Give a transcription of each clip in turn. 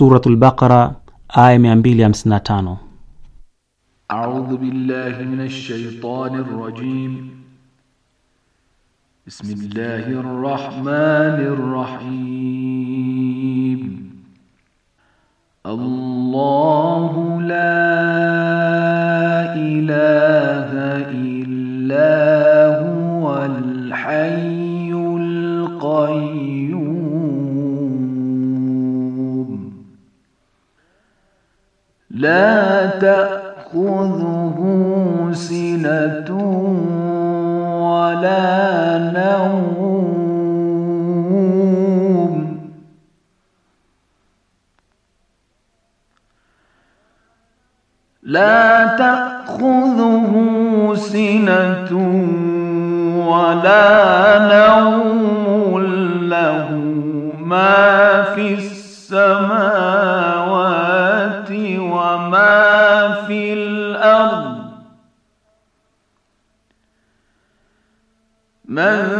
Suratul Baqara aya tano. A'udhu billahi minash shaitani rajim. Bismillahir rahmanir rahim لا تأخذه سنة ولا نوم له ما في السماوات وما في الأرض من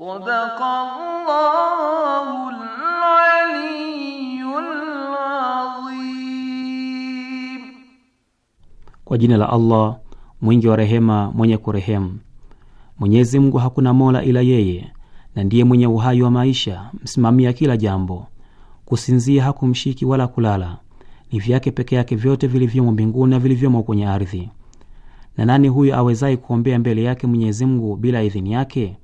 Kwa jina la Allah mwingi wa rehema, mwenye kurehemu. Mwenyezi Mungu hakuna mola ila yeye, na ndiye mwenye uhai wa maisha, msimamia kila jambo. Kusinzia hakumshiki wala kulala. Ni vyake peke yake vyote vilivyomo mbinguni na vilivyomo kwenye ardhi. Na nani huyo awezaye kuombea mbele yake Mwenyezi Mungu bila idhini yake?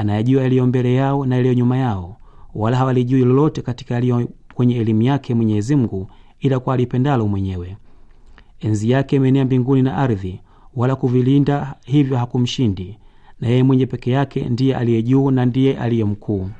anayajua yaliyo mbele yao na yaliyo nyuma yao, wala hawalijui lolote katika yaliyo kwenye elimu yake Mwenyezi Mungu ila kwa alipendalo mwenyewe. Enzi yake imeenea mbinguni na ardhi, wala kuvilinda hivyo hakumshindi, na yeye mwenye peke yake ndiye aliye juu na ndiye aliye mkuu.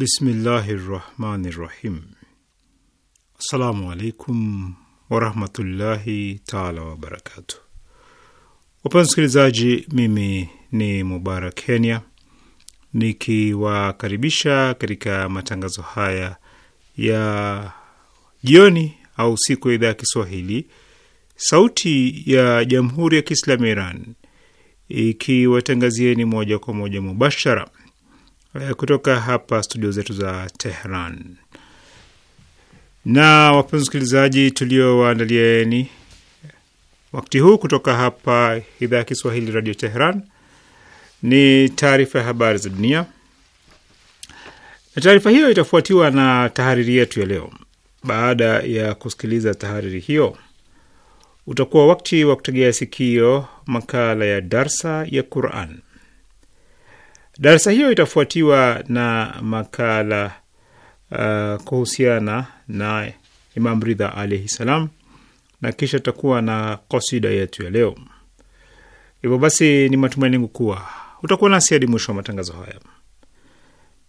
Bismillahi rahmani rahim. Assalamu alaikum warahmatullahi taala wabarakatu. Wapenzi msikilizaji, mimi ni Mubarak Kenya nikiwakaribisha katika matangazo haya ya jioni au siku ya idhaa ya Kiswahili sauti ya jamhuri ya Kiislamu ya Iran ikiwatangazieni moja kwa moja mubashara Eh, kutoka hapa studio zetu za Tehran. Na wapenzi wasikilizaji, tuliowaandalieni wakati huu kutoka hapa idhaa ya Kiswahili Radio Tehran ni taarifa ya habari za dunia, na taarifa hiyo itafuatiwa na tahariri yetu ya leo. Baada ya kusikiliza tahariri hiyo, utakuwa wakati wa kutegea sikio makala ya darsa ya Quran. Darasa hiyo itafuatiwa na makala uh, kuhusiana na Imam Ridha alaihi salam, na kisha tutakuwa na kosida yetu ya leo. Hivyo basi, ni matumaini yangu kuwa utakuwa nasi hadi mwisho wa matangazo haya,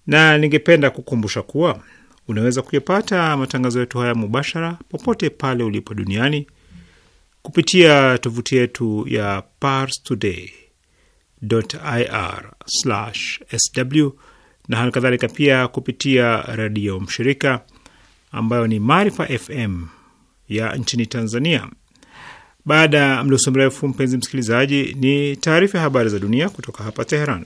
na ningependa kukumbusha kuwa unaweza kuyapata matangazo yetu haya mubashara popote pale ulipo duniani kupitia tovuti yetu ya Pars Today ir/sw na hali kadhalika pia kupitia redio mshirika ambayo ni Maarifa FM ya nchini Tanzania. Baada ya mdoso mrefu, mpenzi msikilizaji, ni taarifa ya habari za dunia kutoka hapa Teheran.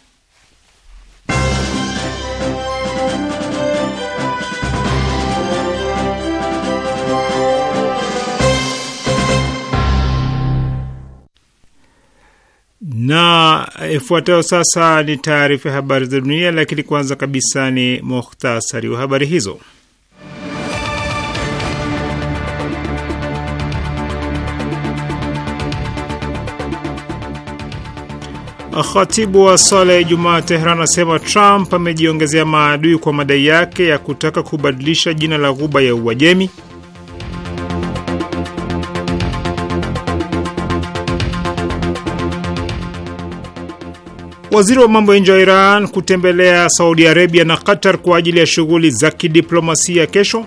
Ifuatayo sasa ni taarifa ya habari za dunia, lakini kwanza kabisa ni muhtasari wa habari hizo. Khatibu wa swala ya Ijumaa Tehran anasema Trump amejiongezea maadui kwa madai yake ya kutaka kubadilisha jina la ghuba ya Uajemi. Waziri wa mambo ya nje wa Iran kutembelea Saudi Arabia na Qatar kwa ajili ya shughuli za kidiplomasia kesho.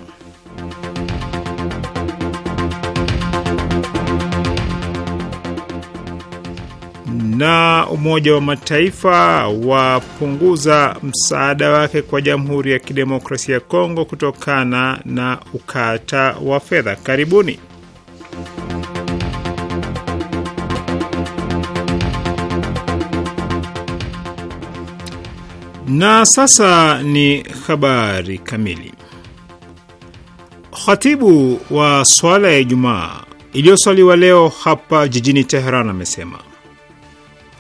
Na Umoja wa Mataifa wapunguza msaada wake kwa Jamhuri ya Kidemokrasia ya Kongo kutokana na ukata wa fedha. Karibuni. Na sasa ni habari kamili. Khatibu wa swala ya Ijumaa iliyoswaliwa leo hapa jijini Teheran amesema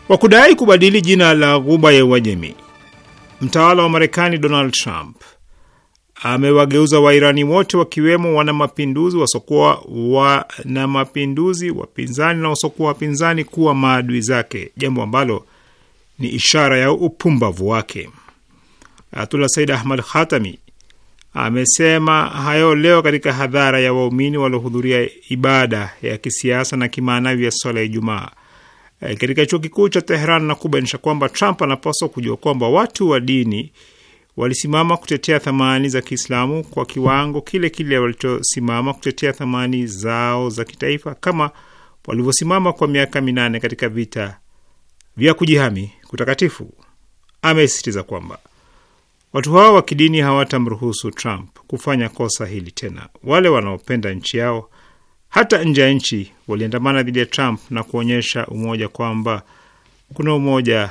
kwa kudai kubadili jina la ghuba ya Uajemi, mtawala wa Marekani Donald Trump amewageuza Wairani wote wakiwemo wanamapinduzi, wasokuwa mapinduzi wapinzani na wasokuwa wapinzani kuwa maadui zake, jambo ambalo ni ishara ya upumbavu wake. Ayatullah Said Ahmad Khatami amesema hayo leo katika hadhara ya waumini waliohudhuria ibada ya kisiasa na kimaanavi ya swala ya Ijumaa e, katika chuo kikuu cha Tehran na kubainisha kwamba Trump anapaswa kujua kwamba watu wa dini walisimama kutetea thamani za Kiislamu kwa kiwango kile kile walichosimama kutetea thamani zao za kitaifa kama walivyosimama kwa miaka minane katika vita vya kujihami kutakatifu. Amesisitiza kwamba watu hao wa kidini hawatamruhusu Trump kufanya kosa hili tena. Wale wanaopenda nchi yao hata nje ya nchi waliandamana dhidi ya Trump na kuonyesha umoja kwamba kuna umoja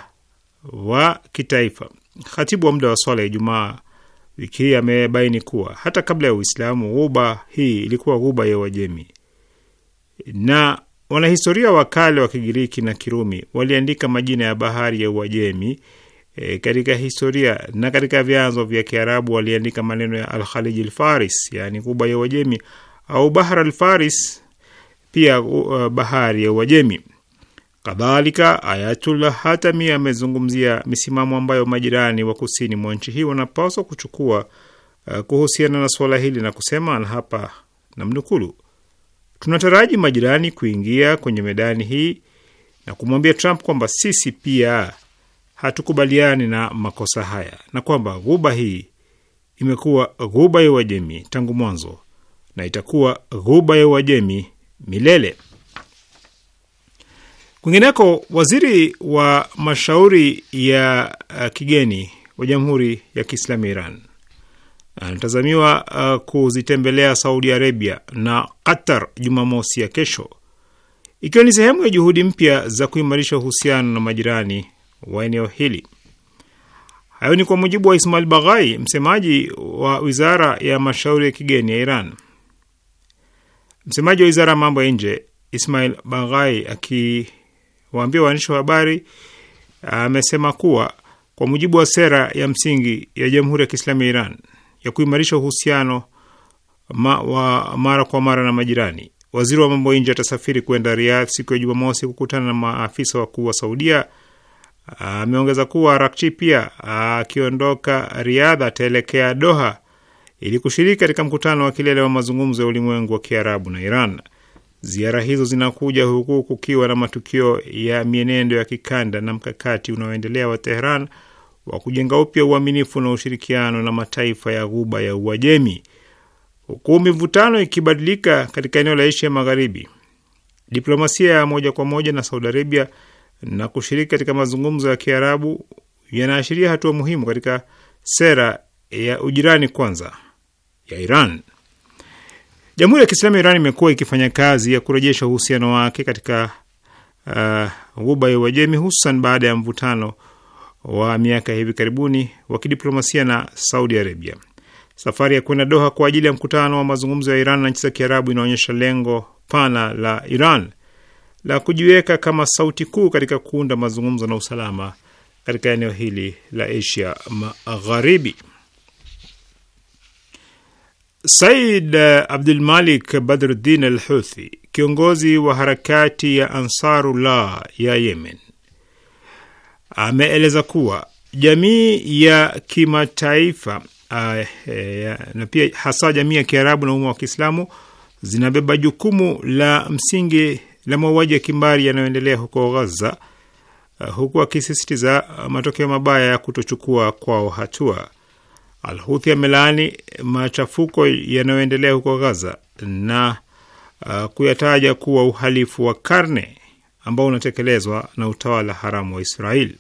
wa kitaifa. Khatibu wa muda wa swala ya Ijumaa wiki hii amebaini kuwa hata kabla ya Uislamu ghuba hii ilikuwa ghuba ya Uajemi na Wanahistoria wa kale wa Kigiriki na Kirumi waliandika majina ya bahari ya Uajemi e, katika historia na katika vyanzo vya Kiarabu waliandika maneno ya alkhaliji lfaris yani kuba ya Uajemi au Bahar alfaris pia uh, bahari ya Uajemi. Kadhalika, Ayatullah Hatami amezungumzia misimamo ambayo majirani wa kusini mwa nchi hii wanapaswa kuchukua uh, kuhusiana na suala hili na kusema, na hapa namnukulu Tunataraji majirani kuingia kwenye medani hii na kumwambia Trump kwamba sisi pia hatukubaliani na makosa haya na kwamba ghuba hii imekuwa ghuba ya Uajemi tangu mwanzo na itakuwa ghuba ya Uajemi milele. Kwingineko, waziri wa mashauri ya eh, kigeni wa Jamhuri ya Kiislamu ya Iran anatazamiwa eh, uh, eh, kuzitembelea Saudi Arabia na Qatar Jumamosi ya kesho, ikiwa ni sehemu ya juhudi mpya za kuimarisha uhusiano na majirani wa eneo hili. Hayo ni kwa mujibu wa Ismail Baghai, msemaji wa wizara ya mashauri ya kigeni ya Iran. Msemaji wa wizara ya mambo ya nje Ismail Baghai akiwaambia waandishi wa habari amesema kuwa kwa mujibu wa sera ya msingi ya Jamhuri ya Kiislamu ya Iran ya kuimarisha uhusiano ma, wa mara kwa mara na majirani. Waziri wa mambo ya nje atasafiri kwenda Riyadh siku ya Jumamosi kukutana na maafisa wakuu wa Saudia. Ameongeza kuwa Rakchi pia akiondoka Riyadh ataelekea Doha ili kushiriki katika mkutano wa kilele wa mazungumzo ya ulimwengu wa Kiarabu na Iran. Ziara hizo zinakuja huku kukiwa na matukio ya mienendo ya kikanda na mkakati unaoendelea wa Tehran wa kujenga upya uaminifu na ushirikiano na mataifa ya Ghuba ya Uajemi, huku mivutano ikibadilika katika eneo la Asia Magharibi. Diplomasia ya moja kwa moja na Saudi Arabia na kushiriki katika mazungumzo ya Kiarabu yanaashiria hatua muhimu katika sera ya ujirani kwanza ya Iran. Jamhuri ya Kiislamu ya Iran imekuwa ikifanya kazi ya kurejesha uhusiano wake katika uh, Ghuba ya Uajemi, hususan baada ya mvutano wa miaka hivi karibuni wa kidiplomasia na Saudi Arabia. Safari ya kwenda Doha kwa ajili ya mkutano wa mazungumzo ya Iran na nchi za Kiarabu inaonyesha lengo pana la Iran la kujiweka kama sauti kuu katika kuunda mazungumzo na usalama katika eneo hili la Asia Magharibi. Said abdul malik Badruddin al Houthi, kiongozi wa harakati ya Ansarullah ya Yemen, ameeleza kuwa jamii ya kimataifa ah, eh, na pia hasa jamii ya Kiarabu na umma wa Kiislamu zinabeba jukumu la msingi la mauaji ya kimbari yanayoendelea huko Gaza, ah, huku akisisitiza matokeo mabaya ya kutochukua kwao hatua. Alhuthi amelaani machafuko yanayoendelea huko Gaza na uh, kuyataja kuwa uhalifu wa karne ambao unatekelezwa na utawala haramu wa Israeli.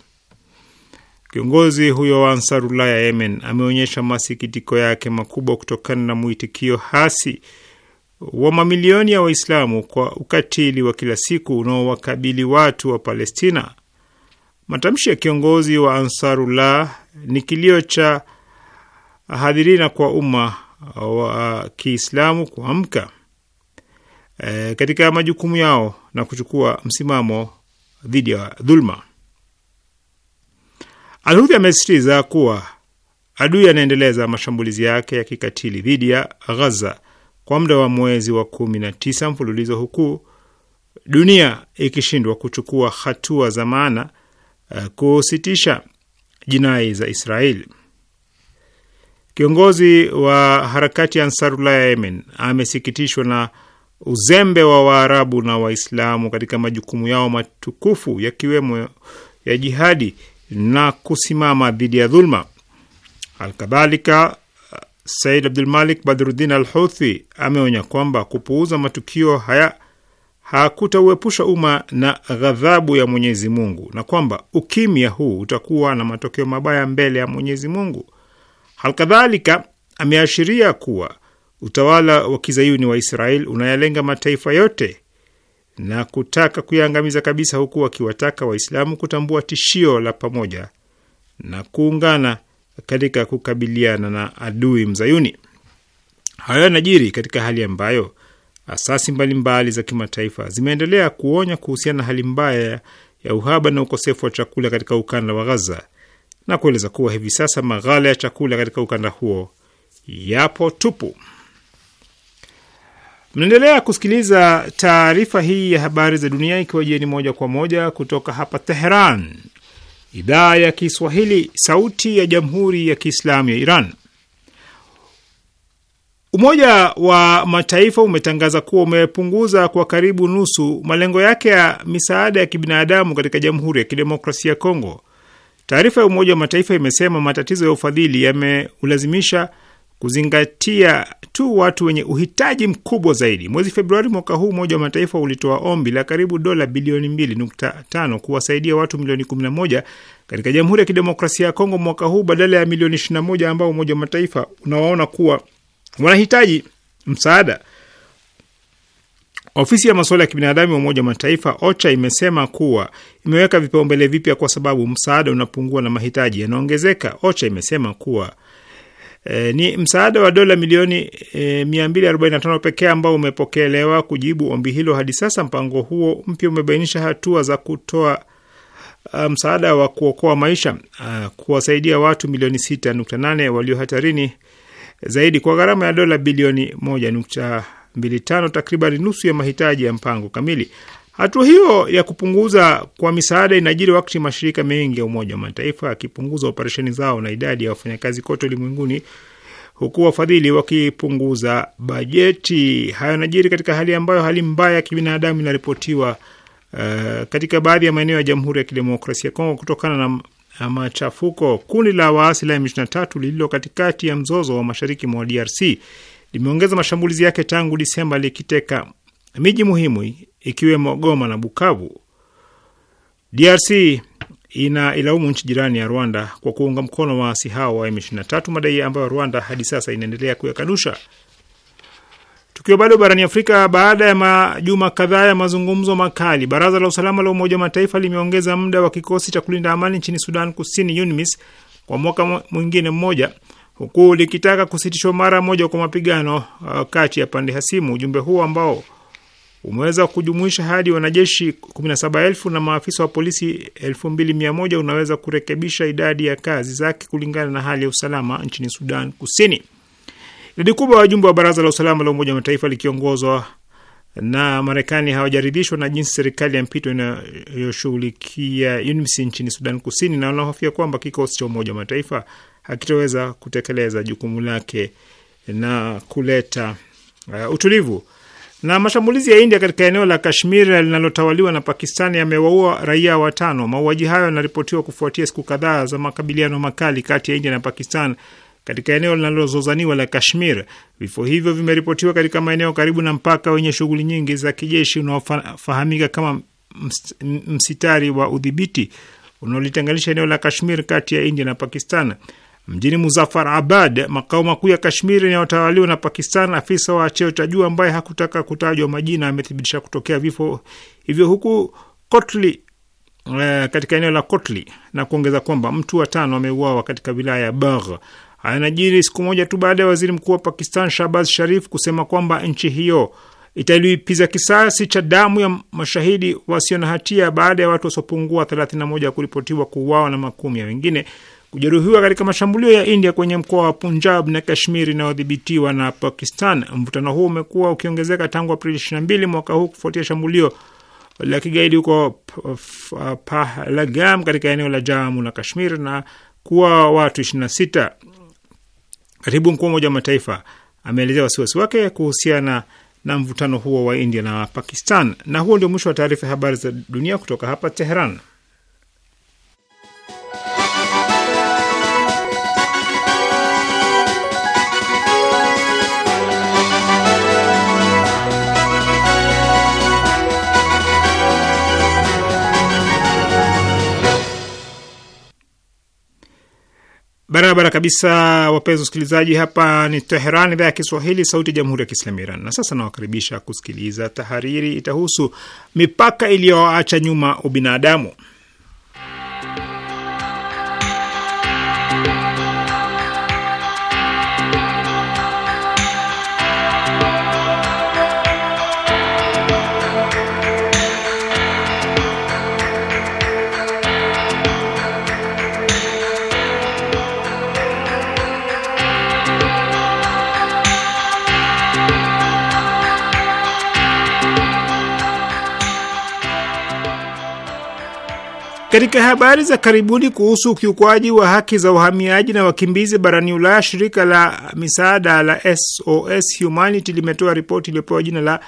Kiongozi huyo wa Ansarullah ya Yemen ameonyesha masikitiko yake makubwa kutokana na mwitikio hasi wa mamilioni ya Waislamu kwa ukatili wa kila siku unaowakabili watu wa Palestina. Matamshi ya kiongozi wa Ansarullah ni kilio cha hadhirina kwa umma wa Kiislamu kuamka e, katika majukumu yao na kuchukua msimamo dhidi ya dhulma. Alhudhi amesisitiza kuwa adui anaendeleza mashambulizi yake ya kikatili dhidi ya Ghaza kwa muda wa mwezi wa kumi na tisa mfululizo huku dunia ikishindwa kuchukua hatua za maana eh, kusitisha jinai za Israeli. Kiongozi wa harakati ya Ansarullah ya Yemen amesikitishwa na uzembe wa Waarabu na Waislamu katika majukumu yao matukufu yakiwemo ya jihadi na kusimama dhidi ya dhulma. Alkadhalika, Said Abdulmalik Badruddin al Houthi ameonya kwamba kupuuza matukio haya hakutauepusha umma na ghadhabu ya Mwenyezi Mungu na kwamba ukimya huu utakuwa na matokeo mabaya mbele ya Mwenyezi Mungu. Halkadhalika, ameashiria kuwa utawala wa kizayuni wa Israel unayalenga mataifa yote na kutaka kuyaangamiza kabisa, huku wakiwataka Waislamu kutambua tishio la pamoja na kuungana katika kukabiliana na adui mzayuni. Hayo yanajiri katika hali ambayo asasi mbalimbali mbali za kimataifa zimeendelea kuonya kuhusiana na hali mbaya ya uhaba na ukosefu wa chakula katika ukanda wa Gaza na kueleza kuwa hivi sasa maghala ya chakula katika ukanda huo yapo tupu. Mnaendelea kusikiliza taarifa hii ya habari za dunia ikiwa jieni moja kwa moja kutoka hapa Teheran, idhaa ya Kiswahili, sauti ya jamhuri ya kiislamu ya Iran. Umoja wa Mataifa umetangaza kuwa umepunguza kwa karibu nusu malengo yake ya misaada ya kibinadamu katika Jamhuri ya Kidemokrasia ya Kongo. Taarifa ya Umoja wa Mataifa imesema matatizo ya ufadhili yameulazimisha kuzingatia tu watu wenye uhitaji mkubwa zaidi. Mwezi Februari mwaka huu, Umoja wa Mataifa ulitoa ombi la karibu dola bilioni 2.5 kuwasaidia watu milioni 11 katika Jamhuri ya Kidemokrasia ya Kongo mwaka huu badala ya milioni 21 ambao Umoja wa Mataifa unawaona kuwa wanahitaji msaada. Ofisi ya masuala ya kibinadamu ya Umoja wa Mataifa OCHA imesema kuwa imeweka vipaumbele vipya kwa sababu msaada unapungua na mahitaji yanaongezeka. OCHA imesema kuwa E, ni msaada wa dola milioni e, eh, 245 pekee ambao umepokelewa kujibu ombi hilo hadi sasa. Mpango huo mpya umebainisha hatua za kutoa eh, msaada wa kuokoa maisha, kuwasaidia watu milioni 6.8 walio hatarini zaidi kwa gharama ya dola bilioni 1.25, takriban nusu ya mahitaji ya mpango kamili. Hatua hiyo ya kupunguza kwa misaada inajiri wakati mashirika mengi ya Umoja wa Mataifa yakipunguza operesheni zao na idadi ya wafanyakazi kote ulimwenguni huku wafadhili wakipunguza bajeti. Hayo yanajiri katika hali ambayo hali mbaya ya kibinadamu inaripotiwa uh, katika baadhi ya maeneo ya Jamhuri ya Kidemokrasia ya Kongo kutokana na machafuko. Kundi la waasi la M23 lililo katikati ya mzozo wa mashariki mwa DRC limeongeza mashambulizi yake tangu Disemba likiteka miji muhimu ikiwemo Goma na Bukavu. DRC ina ilaumu nchi jirani ya Rwanda kwa kuunga mkono waasi hao wa M23, madai ambayo Rwanda hadi sasa inaendelea kuyakanusha. Tukiwa bado barani Afrika, baada ya majuma kadhaa ya mazungumzo makali, baraza la usalama la Umoja wa Mataifa limeongeza muda wa kikosi cha kulinda amani nchini Sudan Kusini, UNMISS, kwa mwaka mwingine mmoja, huku likitaka kusitishwa mara moja kwa mapigano uh, kati ya pande hasimu. Ujumbe huo ambao umeweza kujumuisha hadi wanajeshi 17,000 na maafisa wa polisi 2,100. Unaweza kurekebisha idadi ya kazi zake kulingana na hali ya usalama nchini Sudan Kusini. Idadi kubwa ya wajumbe wa Baraza la Usalama la Umoja wa Mataifa likiongozwa na Marekani hawajaridhishwa na jinsi serikali ya mpito inayoshughulikia UNMISS nchini Sudan Kusini, na wanahofia kwamba kikosi cha Umoja wa Mataifa hakitaweza kutekeleza jukumu lake na kuleta uh, utulivu na mashambulizi ya India katika eneo la Kashmir linalotawaliwa na Pakistani yamewaua raia watano. Mauaji hayo yanaripotiwa kufuatia siku kadhaa za makabiliano makali kati ya India na Pakistan katika eneo linalozozaniwa la Kashmir. Vifo hivyo vimeripotiwa katika maeneo karibu na mpaka wenye shughuli nyingi za kijeshi unaofahamika kama msitari wa udhibiti unaolitenganisha eneo la Kashmir kati ya India na Pakistan mjini abad makao makuu ya Kashmiri inayotawaliwa na Pakistan. Afisa wa cheo cha juu ambaye hakutaka kutajwa majina amethibitisha kutokea vifo hivyo huku Kotli e, katika eneo la Kotli na kuongeza kwamba mtu wa tano ameuawa katika wilaya ya Bagh. Anajiri siku moja tu baada ya waziri mkuu wa Pakistan Shahbaz Sharif kusema kwamba nchi hiyo italipiza kisasi cha damu ya mashahidi wasio na hatia baada ya watu wasiopungua 31 kuripotiwa kuuawa na makumi ya wengine kujeruhiwa katika mashambulio ya India kwenye mkoa wa Punjab na Kashmir inayodhibitiwa na Pakistan. Mvutano huo umekuwa ukiongezeka tangu Aprili 22 mwaka huu kufuatia shambulio la kigaidi huko Pahalgam katika eneo la Jammu na Kashmir na kuwa watu 26. Katibu mkuu wa Umoja wa Mataifa ameelezea wasiwasi wake kuhusiana na mvutano huo wa India na Pakistan. Na huo ndio mwisho wa taarifa ya habari za dunia kutoka hapa Teheran. Barabara kabisa, wapenzi wasikilizaji, hapa ni Teheran, idhaa ya Kiswahili, sauti ya jamhuri ya kiislamu Iran. Na sasa nawakaribisha kusikiliza tahariri, itahusu mipaka iliyoacha nyuma ubinadamu. Katika habari za karibuni kuhusu ukiukwaji wa haki za uhamiaji na wakimbizi barani Ulaya, shirika la misaada la SOS Humanity limetoa ripoti iliyopewa jina la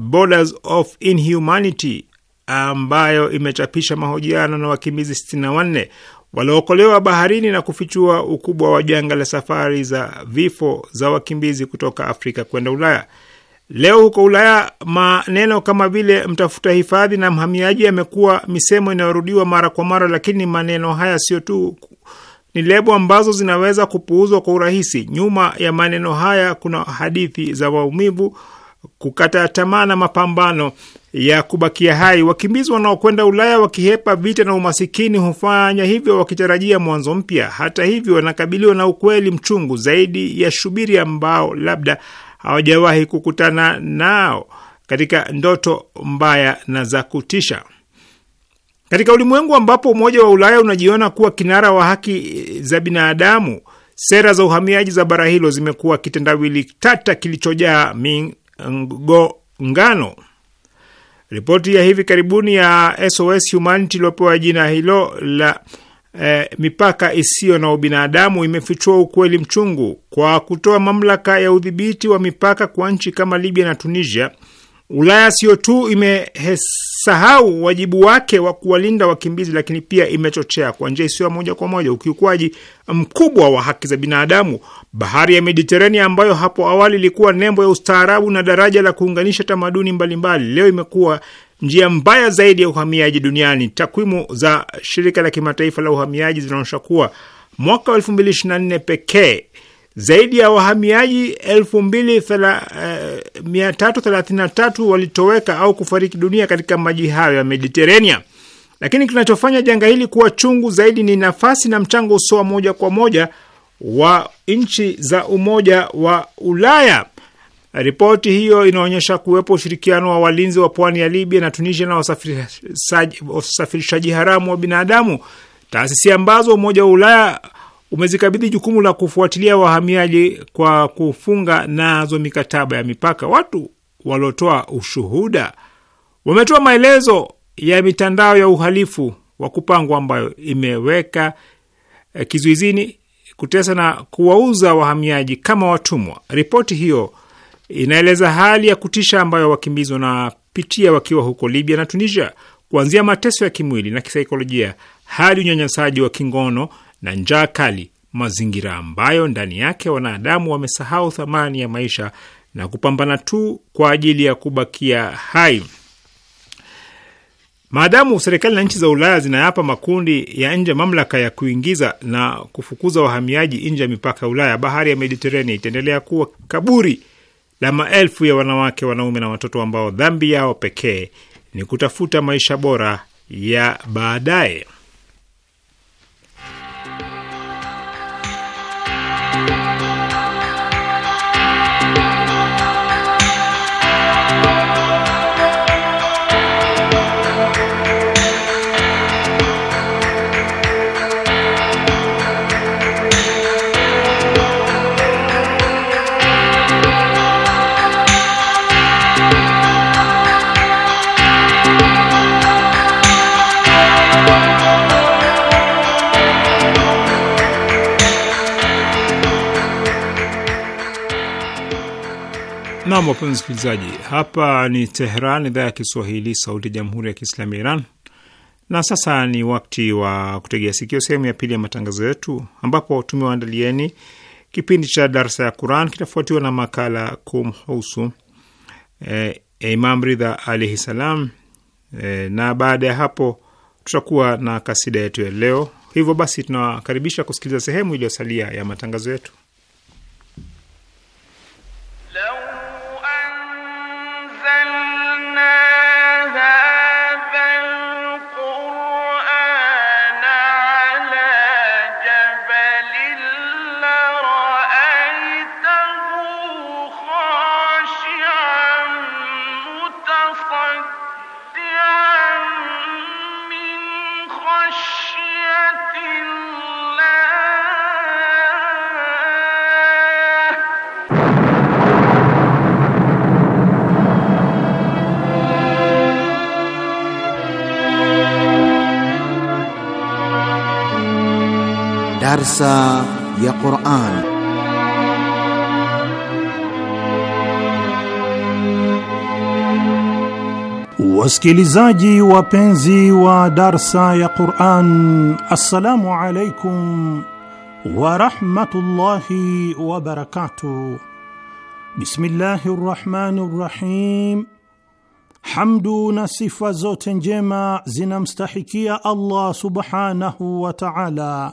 Borders of Inhumanity ambayo imechapisha mahojiano na wakimbizi 64 waliookolewa baharini na kufichua ukubwa wa janga la safari za vifo za wakimbizi kutoka Afrika kwenda Ulaya. Leo huko Ulaya maneno kama vile mtafuta hifadhi na mhamiaji yamekuwa misemo inayorudiwa mara kwa mara, lakini maneno haya sio tu ni lebo ambazo zinaweza kupuuzwa kwa urahisi. Nyuma ya maneno haya kuna hadithi za maumivu, kukata tamaa na mapambano ya kubakia hai. Wakimbizi wanaokwenda Ulaya wakihepa vita na umasikini hufanya hivyo wakitarajia mwanzo mpya. Hata hivyo, wanakabiliwa na ukweli mchungu zaidi ya shubiri ambao labda hawajawahi kukutana nao katika ndoto mbaya na za kutisha. Katika ulimwengu ambapo Umoja wa Ulaya unajiona kuwa kinara wa haki za binadamu, sera za uhamiaji za bara hilo zimekuwa kitendawili tata kilichojaa migongano. Ripoti ya hivi karibuni ya SOS Humanity iliyopewa jina hilo la eh, mipaka isiyo na ubinadamu imefichua ukweli mchungu kwa kutoa mamlaka ya udhibiti wa mipaka kwa nchi kama Libya na Tunisia. Ulaya sio tu imesahau wajibu wake wa kuwalinda wakimbizi, lakini pia imechochea kwa njia isiyo moja kwa moja ukiukwaji mkubwa wa haki za binadamu. Bahari ya Mediterania ambayo hapo awali ilikuwa nembo ya ustaarabu na daraja la kuunganisha tamaduni mbalimbali, leo imekuwa njia mbaya zaidi ya uhamiaji duniani. Takwimu za shirika la kimataifa la uhamiaji zinaonyesha kuwa mwaka wa elfu mbili ishirini na nne pekee zaidi ya wahamiaji elfu mbili mia tatu thelathini na tatu walitoweka au kufariki dunia katika maji hayo ya Mediterania. Lakini kinachofanya janga hili kuwa chungu zaidi ni nafasi na mchango usio moja kwa moja wa nchi za Umoja wa Ulaya Ripoti hiyo inaonyesha kuwepo ushirikiano wa walinzi wa pwani ya Libya na Tunisia na wasafirishaji haramu wa binadamu, taasisi ambazo Umoja wa Ulaya umezikabidhi jukumu la kufuatilia wahamiaji kwa kufunga nazo mikataba ya mipaka. Watu waliotoa ushuhuda wametoa maelezo ya mitandao ya uhalifu wa kupangwa ambayo imeweka eh, kizuizini, kutesa na kuwauza wahamiaji kama watumwa. Ripoti hiyo inaeleza hali ya kutisha ambayo wakimbizi wanapitia wakiwa huko Libya na Tunisia, kuanzia mateso ya kimwili na kisaikolojia hadi unyanyasaji wa kingono na njaa kali, mazingira ambayo ndani yake wanadamu wamesahau thamani ya maisha na kupambana tu kwa ajili ya kubakia hai. Maadamu serikali na nchi za Ulaya zinayapa makundi ya nje mamlaka ya kuingiza na kufukuza wahamiaji nje ya mipaka ya Ulaya, bahari ya Mediterania itaendelea kuwa kaburi la maelfu ya wanawake, wanaume na watoto ambao dhambi yao pekee ni kutafuta maisha bora ya baadaye. Nam, wapenzi msikilizaji, hapa ni Tehran, idhaa ya Kiswahili, sauti ya jamhuri ya kiislamu ya Iran. Na sasa ni wakati wa kutegea sikio sehemu ya pili ya matangazo yetu, ambapo tumewaandalieni kipindi cha darsa ya Quran, kitafuatiwa na makala kumhusu e, e, Imam Ridha alaihi salam E, na baada ya hapo tutakuwa na kasida yetu ya leo. Hivyo basi tunawakaribisha kusikiliza sehemu iliyosalia ya matangazo yetu. Darsa ya Quran. Wasikilizaji wapenzi wa Darsa ya Quran, assalamu alaikum wa wabarakatuh wa barakatuh. Bismillahi rahmani rahim. Hamdu na sifa zote njema zinamstahikia Allah subhanahu wa ta'ala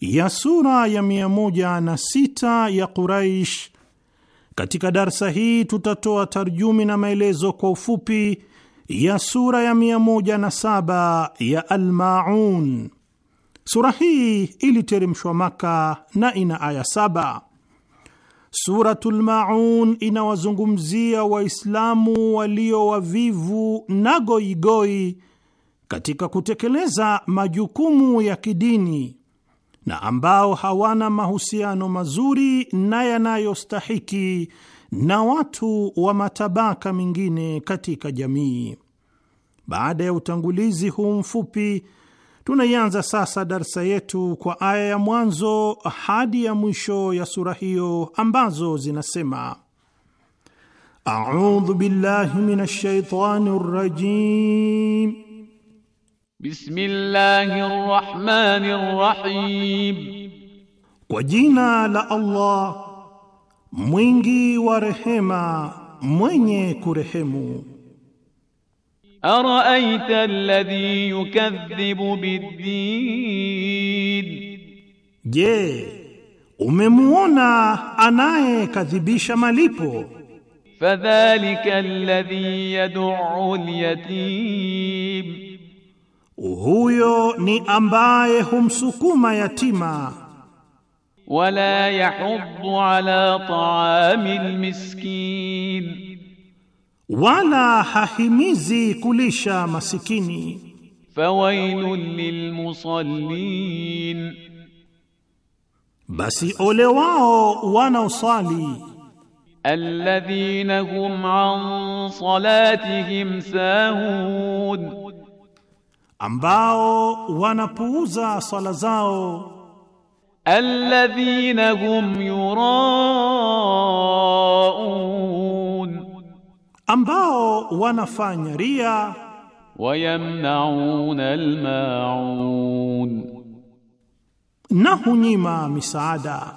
ya sura ya sita ya Quraish. Katika darsa hii tutatoa tarjumi na maelezo kwa ufupi ya sura ya saba ya Almaun. Sura hii iliteremshwa Maka na ina aya saba. Suratul Maun inawazungumzia Waislamu walio wavivu na goigoi katika kutekeleza majukumu ya kidini na ambao hawana mahusiano mazuri na yanayostahiki na watu wa matabaka mengine katika jamii. Baada ya utangulizi huu mfupi, tunaianza sasa darsa yetu kwa aya ya mwanzo hadi ya mwisho ya sura hiyo ambazo zinasema: audhu billahi minash shaitani rajim بسم الله الرحمن الرحيم وجينا لا الله مينجي ورحمة ميني كرحم أرأيت الذي يكذب بالدين جي أممونا أنا كذبي شماليبو فذلك الذي يدعو اليتيم huyo ni ambaye humsukuma yatima. Wala yahuddu ala taamil miskin, wala hahimizi kulisha masikini. Fawailun lilmusallin, basi ole wao wanaosali. Alladhina hum an salatihim sahun ambao wanapuuza sala zao. Alladhina hum yuraun, ambao wanafanya ria. Wayamnaun almaun, na hunyima misaada.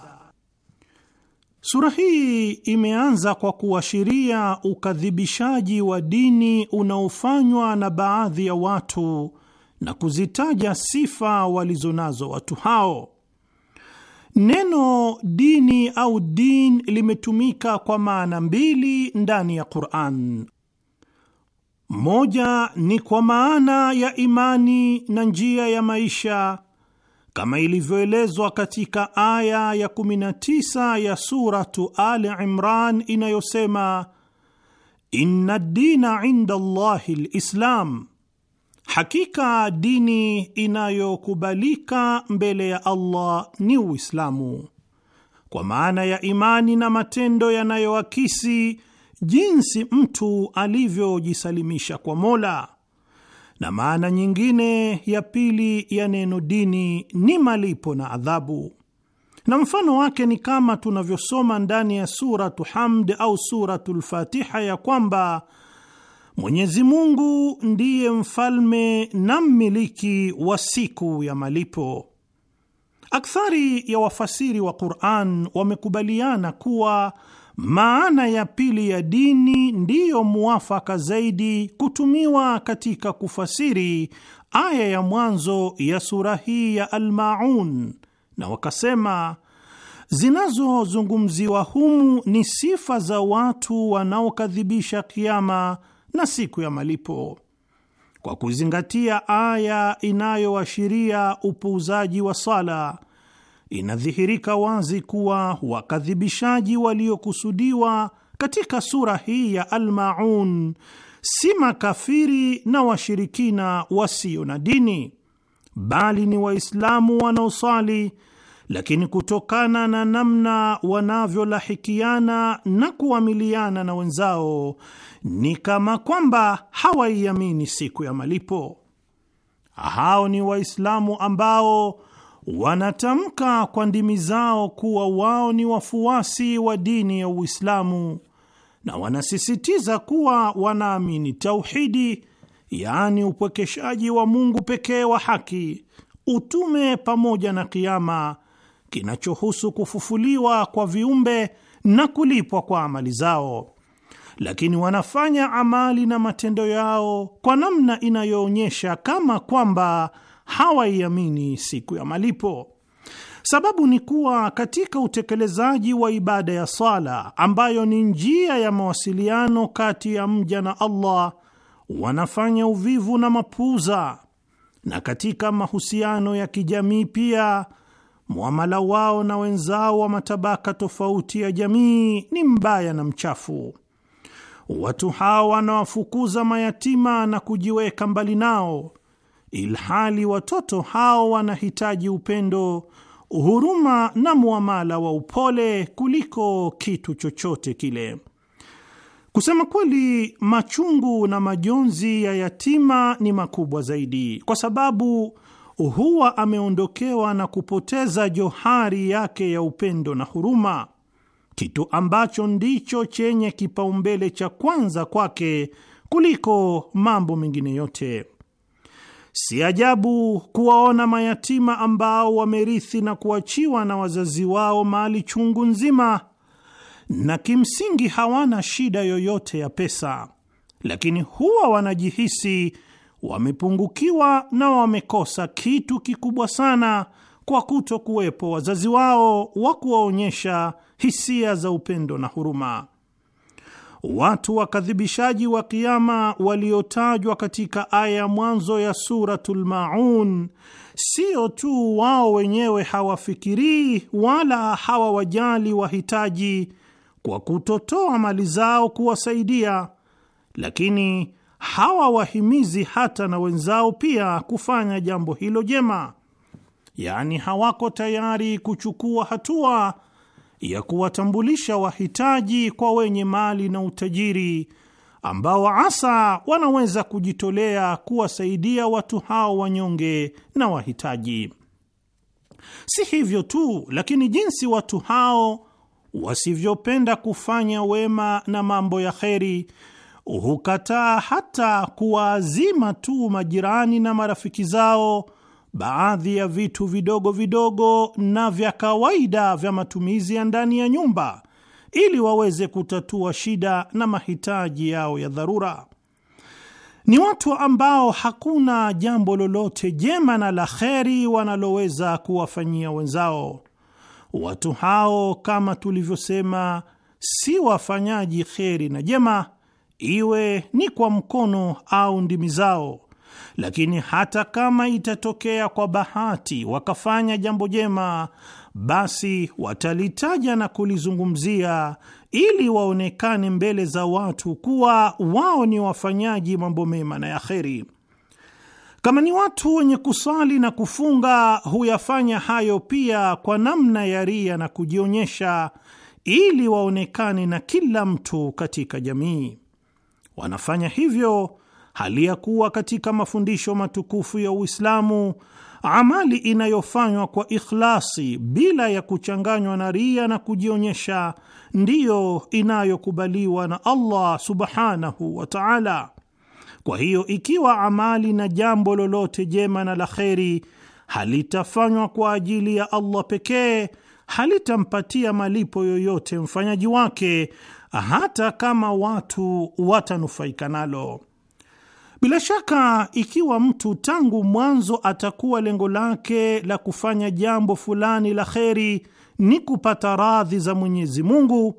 Sura hii imeanza kwa kuashiria ukadhibishaji wa dini unaofanywa na baadhi ya watu na kuzitaja sifa walizonazo watu hao. Neno dini au din limetumika kwa maana mbili ndani ya Qur'an. Moja ni kwa maana ya imani na njia ya maisha kama ilivyoelezwa katika aya ya 19 ya suratu Ali Imran inayosema, inna ddina inda Allahi lislam Hakika dini inayokubalika mbele ya Allah ni Uislamu, kwa maana ya imani na matendo yanayoakisi jinsi mtu alivyojisalimisha kwa Mola. Na maana nyingine ya pili ya neno dini ni malipo na adhabu, na mfano wake ni kama tunavyosoma ndani ya Suratu Hamd au Suratu Lfatiha ya kwamba Mwenyezi Mungu ndiye mfalme na mmiliki wa siku ya malipo. Akthari ya wafasiri wa Qur'an wamekubaliana kuwa maana ya pili ya dini ndiyo muafaka zaidi kutumiwa katika kufasiri aya ya mwanzo ya sura hii ya Al-Maun, na wakasema zinazozungumziwa humu ni sifa za watu wanaokadhibisha kiama na siku ya malipo. Kwa kuzingatia aya inayoashiria upuuzaji wa sala, inadhihirika wazi kuwa wakadhibishaji waliokusudiwa katika sura hii ya Almaun si makafiri na washirikina wasio na dini, bali ni Waislamu wanaosali lakini kutokana na namna wanavyolahikiana na kuamiliana na wenzao ni kama kwamba hawaiamini siku ya malipo. Hao ni Waislamu ambao wanatamka kwa ndimi zao kuwa wao ni wafuasi wa dini ya Uislamu na wanasisitiza kuwa wanaamini tauhidi, yaani upwekeshaji wa Mungu pekee wa haki, utume pamoja na kiama kinachohusu kufufuliwa kwa viumbe na kulipwa kwa amali zao lakini wanafanya amali na matendo yao kwa namna inayoonyesha kama kwamba hawaiamini siku ya malipo. Sababu ni kuwa katika utekelezaji wa ibada ya sala, ambayo ni njia ya mawasiliano kati ya mja na Allah, wanafanya uvivu na mapuuza, na katika mahusiano ya kijamii pia muamala wao na wenzao wa matabaka tofauti ya jamii ni mbaya na mchafu. Watu hawa wanawafukuza mayatima na kujiweka mbali nao, ilhali watoto hao wanahitaji upendo, huruma na muamala wa upole kuliko kitu chochote kile. Kusema kweli, machungu na majonzi ya yatima ni makubwa zaidi, kwa sababu huwa ameondokewa na kupoteza johari yake ya upendo na huruma kitu ambacho ndicho chenye kipaumbele cha kwanza kwake kuliko mambo mengine yote. Si ajabu kuwaona mayatima ambao wamerithi na kuachiwa na wazazi wao mali chungu nzima na kimsingi hawana shida yoyote ya pesa, lakini huwa wanajihisi wamepungukiwa na wamekosa kitu kikubwa sana kwa kuto kuwepo wazazi wao wa kuwaonyesha hisia za upendo na huruma. Watu wakadhibishaji wa kiama waliotajwa katika aya ya mwanzo ya Suratul Maun, sio tu wao wenyewe hawafikirii wala hawawajali wahitaji kwa kutotoa mali zao kuwasaidia, lakini hawawahimizi hata na wenzao pia kufanya jambo hilo jema, yaani hawako tayari kuchukua hatua ya kuwatambulisha wahitaji kwa wenye mali na utajiri ambao asa wanaweza kujitolea kuwasaidia watu hao wanyonge na wahitaji. Si hivyo tu, lakini jinsi watu hao wasivyopenda kufanya wema na mambo ya kheri, hukataa hata kuwaazima tu majirani na marafiki zao baadhi ya vitu vidogo vidogo na vya kawaida vya matumizi ya ndani ya nyumba ili waweze kutatua shida na mahitaji yao ya dharura. Ni watu ambao hakuna jambo lolote jema na la kheri wanaloweza kuwafanyia wenzao. Watu hao kama tulivyosema, si wafanyaji kheri na jema, iwe ni kwa mkono au ndimi zao lakini hata kama itatokea kwa bahati wakafanya jambo jema, basi watalitaja na kulizungumzia ili waonekane mbele za watu kuwa wao ni wafanyaji mambo mema na ya kheri. Kama ni watu wenye kusali na kufunga, huyafanya hayo pia kwa namna ya ria na kujionyesha, ili waonekane na kila mtu katika jamii. Wanafanya hivyo hali ya kuwa katika mafundisho matukufu ya Uislamu, amali inayofanywa kwa ikhlasi bila ya kuchanganywa na ria na kujionyesha ndiyo inayokubaliwa na Allah subhanahu wa ta'ala. Kwa hiyo ikiwa amali na jambo lolote jema na la kheri halitafanywa kwa ajili ya Allah pekee, halitampatia malipo yoyote mfanyaji wake, hata kama watu watanufaika nalo. Bila shaka, ikiwa mtu tangu mwanzo atakuwa lengo lake la kufanya jambo fulani la kheri ni kupata radhi za Mwenyezi Mungu,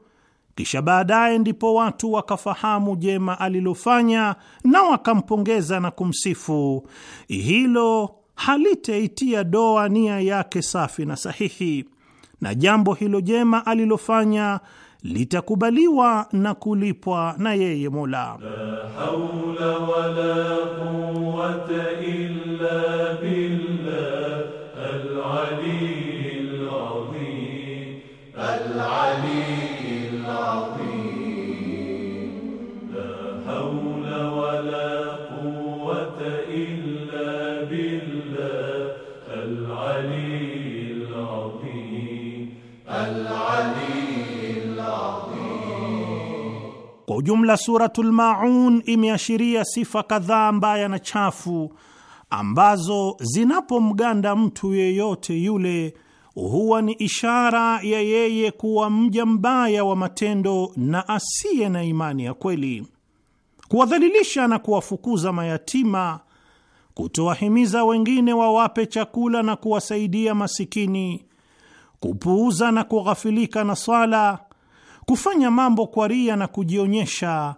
kisha baadaye ndipo watu wakafahamu jema alilofanya na wakampongeza na kumsifu, hilo halitaitia doa nia yake safi na sahihi, na jambo hilo jema alilofanya litakubaliwa na kulipwa na yeye Mola la jumla Suratul Maun imeashiria sifa kadhaa mbaya na chafu ambazo zinapomganda mtu yeyote yule huwa ni ishara ya yeye kuwa mja mbaya wa matendo na asiye na imani ya kweli. Kuwadhalilisha na kuwafukuza mayatima, kutowahimiza wengine wawape chakula na kuwasaidia masikini, kupuuza na kughafilika na swala kufanya mambo kwa ria na kujionyesha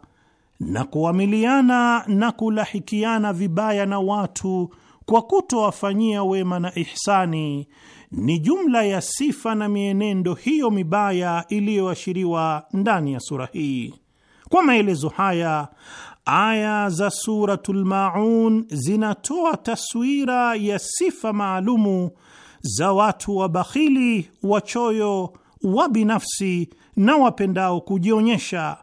na kuamiliana na kulahikiana vibaya na watu kwa kutowafanyia wema na ihsani ni jumla ya sifa na mienendo hiyo mibaya iliyoashiriwa ndani ya sura hii. Kwa maelezo haya, aya za Suratul Maun zinatoa taswira ya sifa maalumu za watu wabakhili, wachoyo, wa binafsi na wapendao kujionyesha,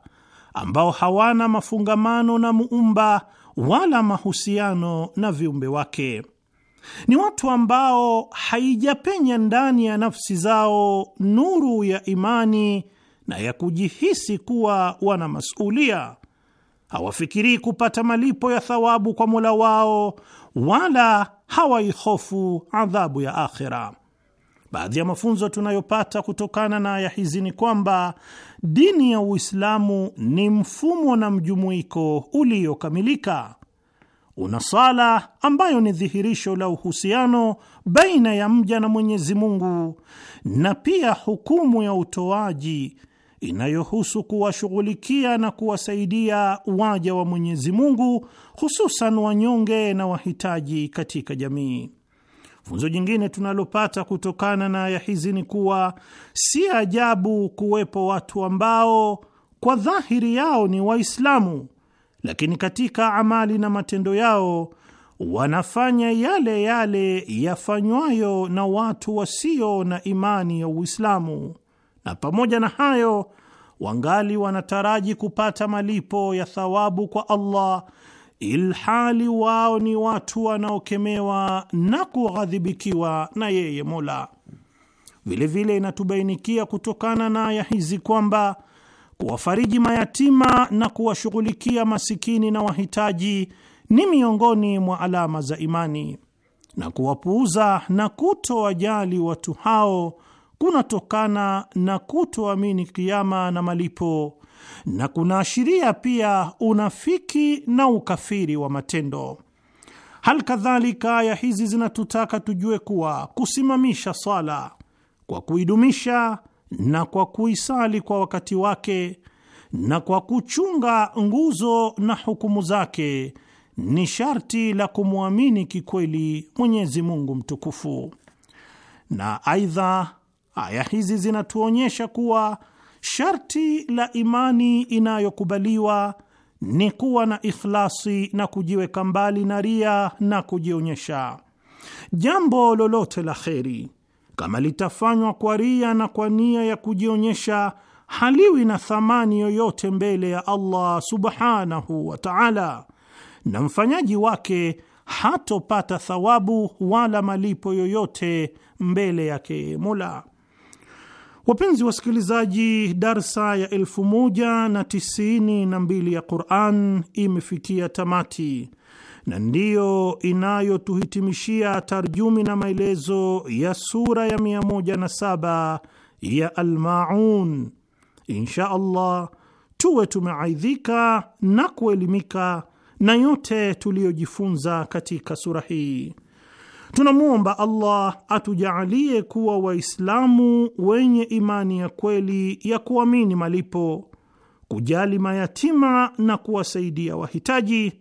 ambao hawana mafungamano na muumba wala mahusiano na viumbe wake. Ni watu ambao haijapenya ndani ya nafsi zao nuru ya imani na ya kujihisi kuwa wana masulia. Hawafikirii kupata malipo ya thawabu kwa Mola wao wala hawaihofu adhabu ya akhira Baadhi ya mafunzo tunayopata kutokana na aya hizi ni kwamba dini ya Uislamu ni mfumo na mjumuiko uliokamilika. Una sala ambayo ni dhihirisho la uhusiano baina ya mja na Mwenyezi Mungu, na pia hukumu ya utoaji inayohusu kuwashughulikia na kuwasaidia waja wa Mwenyezi Mungu, hususan wanyonge na wahitaji katika jamii. Funzo jingine tunalopata kutokana na aya hizi ni kuwa si ajabu kuwepo watu ambao kwa dhahiri yao ni Waislamu, lakini katika amali na matendo yao wanafanya yale yale yafanywayo na watu wasio na imani ya Uislamu, na pamoja na hayo wangali wanataraji kupata malipo ya thawabu kwa Allah ilhali wao ni watu wanaokemewa na kughadhibikiwa na yeye Mola. Vilevile vile inatubainikia kutokana na aya hizi kwamba kuwafariji mayatima na kuwashughulikia masikini na wahitaji ni miongoni mwa alama za imani, na kuwapuuza na kutowajali watu hao kunatokana na kutoamini kiama na malipo na kunaashiria pia unafiki na ukafiri wa matendo. Hal kadhalika aya hizi zinatutaka tujue kuwa kusimamisha swala kwa kuidumisha na kwa kuisali kwa wakati wake na kwa kuchunga nguzo na hukumu zake ni sharti la kumwamini kikweli Mwenyezi Mungu mtukufu. Na aidha aya hizi zinatuonyesha kuwa Sharti la imani inayokubaliwa ni kuwa na ikhlasi na kujiweka mbali na ria na kujionyesha. Jambo lolote la kheri kama litafanywa kwa ria na kwa nia ya kujionyesha haliwi na thamani yoyote mbele ya Allah subhanahu wa ta'ala, na mfanyaji wake hatopata thawabu wala malipo yoyote mbele yake Mola. Wapenzi wasikilizaji, darsa ya elfu moja na tisini na mbili ya Quran imefikia tamati na ndiyo inayotuhitimishia tarjumi na maelezo ya sura ya 17 ya Almaun. Insha Allah tuwe tumeaidhika na kuelimika na yote tuliyojifunza katika sura hii. Tunamwomba Allah atujaalie kuwa Waislamu wenye imani ya kweli ya kuamini malipo, kujali mayatima na kuwasaidia wahitaji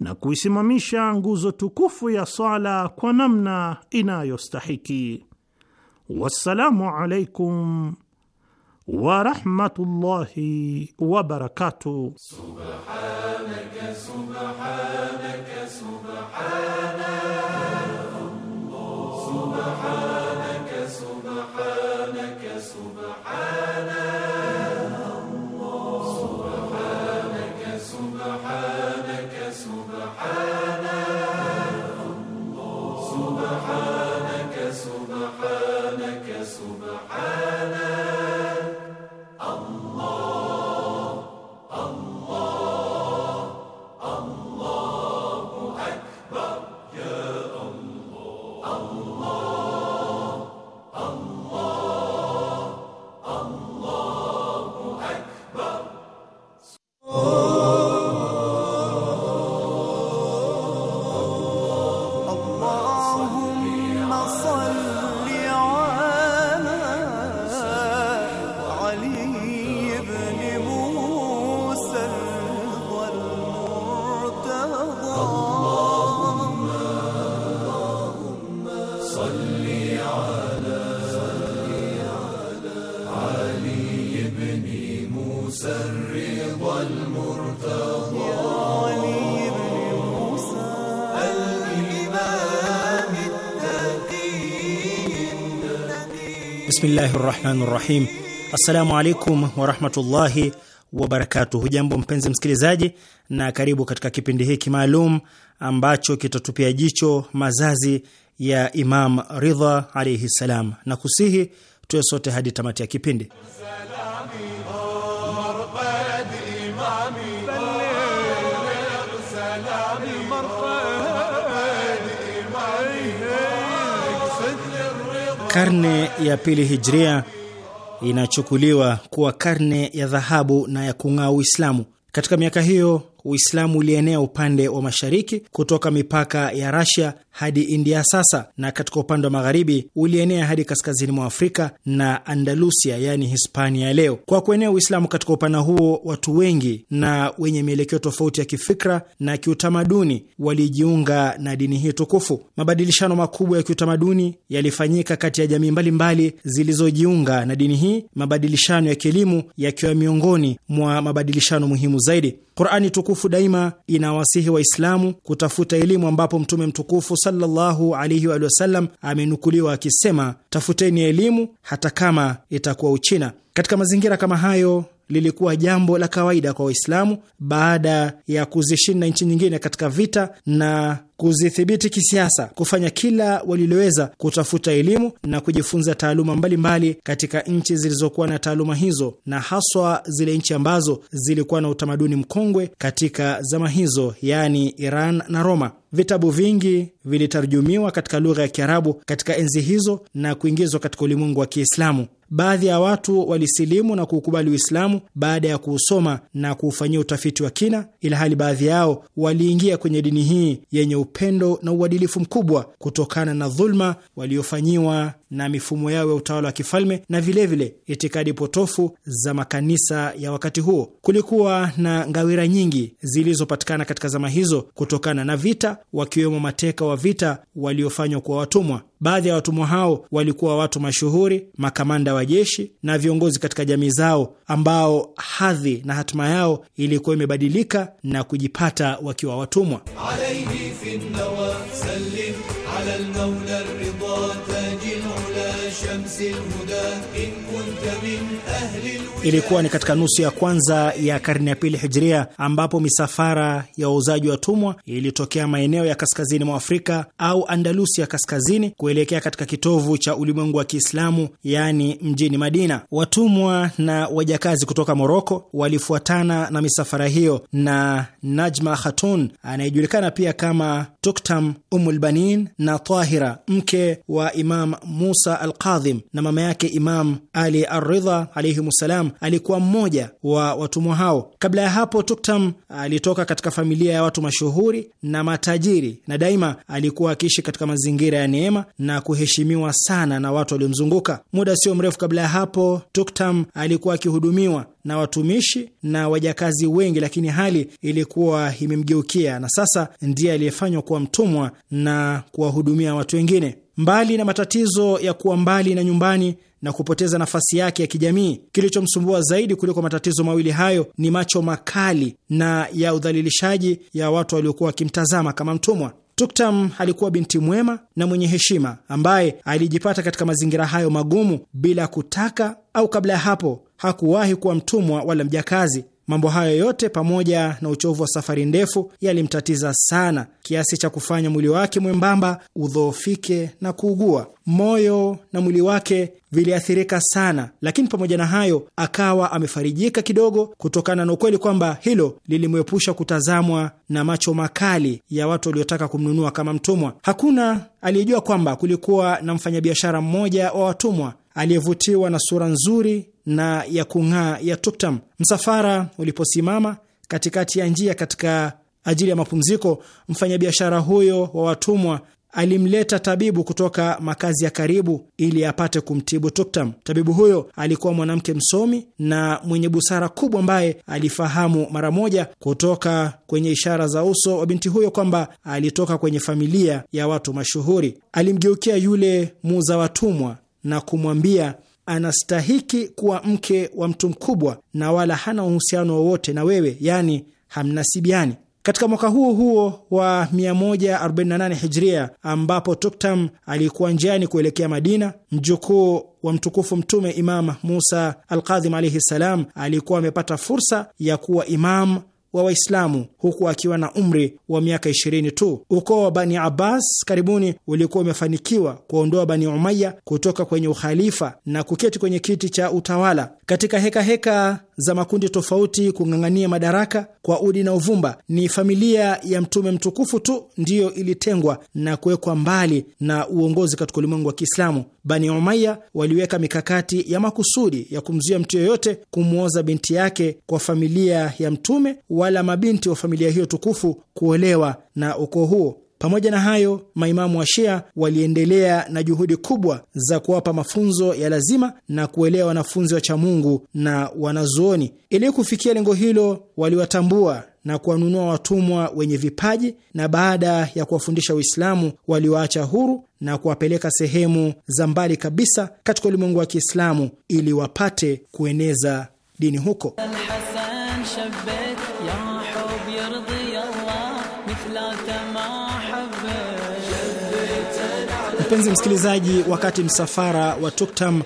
na kuisimamisha nguzo tukufu ya sala kwa namna inayostahiki. Wassalamu alaikum warahmatullahi wabarakatuh. Subhanaka, subhanaka, subhanaka. Amen. Bismillahi rahmani rahim. Assalamu alaikum warahmatullahi wabarakatu Hujambo mpenzi msikilizaji, na karibu katika kipindi hiki maalum ambacho kitatupia jicho mazazi ya Imam Ridha alaihi ssalam, na kusihi tuwe sote hadi tamati ya kipindi. Karne ya pili hijria inachukuliwa kuwa karne ya dhahabu na ya kung'aa Uislamu. Katika miaka hiyo Uislamu ulienea upande wa mashariki kutoka mipaka ya Rasia hadi India sasa na katika upande wa magharibi ulienea hadi kaskazini mwa Afrika na Andalusia, yaani Hispania leo. Kwa kuenea Uislamu katika upana huo, watu wengi na wenye mielekeo tofauti ya kifikra na kiutamaduni walijiunga na dini hii tukufu. Mabadilishano makubwa ya kiutamaduni yalifanyika kati ya jamii mbalimbali zilizojiunga na dini hii, mabadilishano ya kielimu yakiwa miongoni mwa mabadilishano muhimu zaidi. Qurani tukufu daima inawasihi Waislamu kutafuta elimu, ambapo Mtume mtukufu sallallahu alaihi wa sallam amenukuliwa akisema, tafuteni elimu hata kama itakuwa Uchina. Katika mazingira kama hayo lilikuwa jambo la kawaida kwa Waislamu baada ya kuzishinda nchi nyingine katika vita na kuzithibiti kisiasa, kufanya kila waliloweza kutafuta elimu na kujifunza taaluma mbalimbali mbali katika nchi zilizokuwa na taaluma hizo, na haswa zile nchi ambazo zilikuwa na utamaduni mkongwe katika zama hizo, yaani Iran na Roma. Vitabu vingi vilitarjumiwa katika lugha ya Kiarabu katika enzi hizo na kuingizwa katika ulimwengu wa Kiislamu. Baadhi ya watu walisilimu na kuukubali Uislamu baada ya kuusoma na kuufanyia utafiti wa kina, ilhali baadhi yao waliingia kwenye dini hii yenye upendo na uadilifu mkubwa kutokana na dhulma waliofanyiwa na mifumo yao ya utawala wa kifalme na vilevile itikadi potofu za makanisa ya wakati huo. Kulikuwa na ngawira nyingi zilizopatikana katika zama hizo kutokana na vita, wakiwemo mateka wa vita waliofanywa kuwa watumwa. Baadhi ya watumwa hao walikuwa watu mashuhuri, makamanda wa jeshi na viongozi katika jamii zao, ambao hadhi na hatima yao ilikuwa imebadilika na kujipata wakiwa watumwa. You. Ilikuwa ni katika nusu ya kwanza ya karne ya pili Hijria, ambapo misafara ya wauzaji watumwa ilitokea maeneo ya kaskazini mwa Afrika au Andalusia kaskazini kuelekea katika kitovu cha ulimwengu wa Kiislamu, yaani mjini Madina. Watumwa na wajakazi kutoka Moroko walifuatana na misafara hiyo, na Najma Khatun anayejulikana pia kama Tuktam Umulbanin na Tahira mke wa Imam Musa Alqadhim na mama yake Imam Ali Arridha alaihim alikuwa mmoja wa watumwa hao. Kabla ya hapo, Tuktam alitoka katika familia ya watu mashuhuri na matajiri, na daima alikuwa akiishi katika mazingira ya neema na kuheshimiwa sana na watu waliomzunguka. Muda sio mrefu kabla ya hapo, Tuktam alikuwa akihudumiwa na watumishi na wajakazi wengi, lakini hali ilikuwa imemgeukia na sasa ndiye aliyefanywa kuwa mtumwa na kuwahudumia watu wengine. Mbali na matatizo ya kuwa mbali na nyumbani na kupoteza nafasi yake ya kijamii. Kilichomsumbua zaidi kuliko matatizo mawili hayo ni macho makali na ya udhalilishaji ya watu waliokuwa wakimtazama kama mtumwa. Tuktam alikuwa binti mwema na mwenye heshima ambaye alijipata katika mazingira hayo magumu bila kutaka, au kabla ya hapo hakuwahi kuwa mtumwa wala mjakazi. Mambo hayo yote pamoja na uchovu wa safari ndefu yalimtatiza sana kiasi cha kufanya mwili wake mwembamba udhoofike na kuugua. Moyo na mwili wake viliathirika sana, lakini pamoja na hayo akawa amefarijika kidogo kutokana na ukweli kwamba hilo lilimwepusha kutazamwa na macho makali ya watu waliotaka kumnunua kama mtumwa. Hakuna aliyejua kwamba kulikuwa na mfanyabiashara mmoja wa watumwa aliyevutiwa na sura nzuri na ya kung'aa ya Tuktam. Msafara uliposimama katikati ya njia katika ajili ya mapumziko, mfanyabiashara huyo wa watumwa alimleta tabibu kutoka makazi ya karibu ili apate kumtibu Tuktam. Tabibu huyo alikuwa mwanamke msomi na mwenye busara kubwa, ambaye alifahamu mara moja kutoka kwenye ishara za uso wa binti huyo kwamba alitoka kwenye familia ya watu mashuhuri. Alimgeukia yule muuza watumwa na kumwambia anastahiki kuwa mke wa mtu mkubwa na wala hana uhusiano wowote na wewe, yani hamnasibiani. Katika mwaka huo huo wa 148 Hijria, ambapo Tuktam alikuwa njiani kuelekea Madina, mjukuu wa mtukufu Mtume Imam Musa Alkadhim alaihi ssalam alikuwa amepata fursa ya kuwa imam wa Waislamu huku akiwa na umri wa miaka 20 tu. Ukoo wa Bani Abbas karibuni ulikuwa umefanikiwa kuondoa Bani Umaya kutoka kwenye ukhalifa na kuketi kwenye kiti cha utawala katika hekaheka heka za makundi tofauti kung'ang'ania madaraka kwa udi na uvumba. Ni familia ya Mtume mtukufu tu ndiyo ilitengwa na kuwekwa mbali na uongozi katika ulimwengu wa Kiislamu. Bani Umaya waliweka mikakati ya makusudi ya kumzuia mtu yeyote kumwoza binti yake kwa familia ya Mtume wala mabinti wa familia hiyo tukufu kuolewa na ukoo huo. Pamoja na hayo, maimamu wa Shia waliendelea na juhudi kubwa za kuwapa mafunzo ya lazima na kuelea wanafunzi wa chamungu na wanazuoni. Ili kufikia lengo hilo, waliwatambua na kuwanunua watumwa wenye vipaji, na baada ya kuwafundisha Uislamu waliwaacha huru na kuwapeleka sehemu za mbali kabisa katika ulimwengu wa Kiislamu ili wapate kueneza dini huko. al Mpenzi msikilizaji, wakati msafara wa Tuktam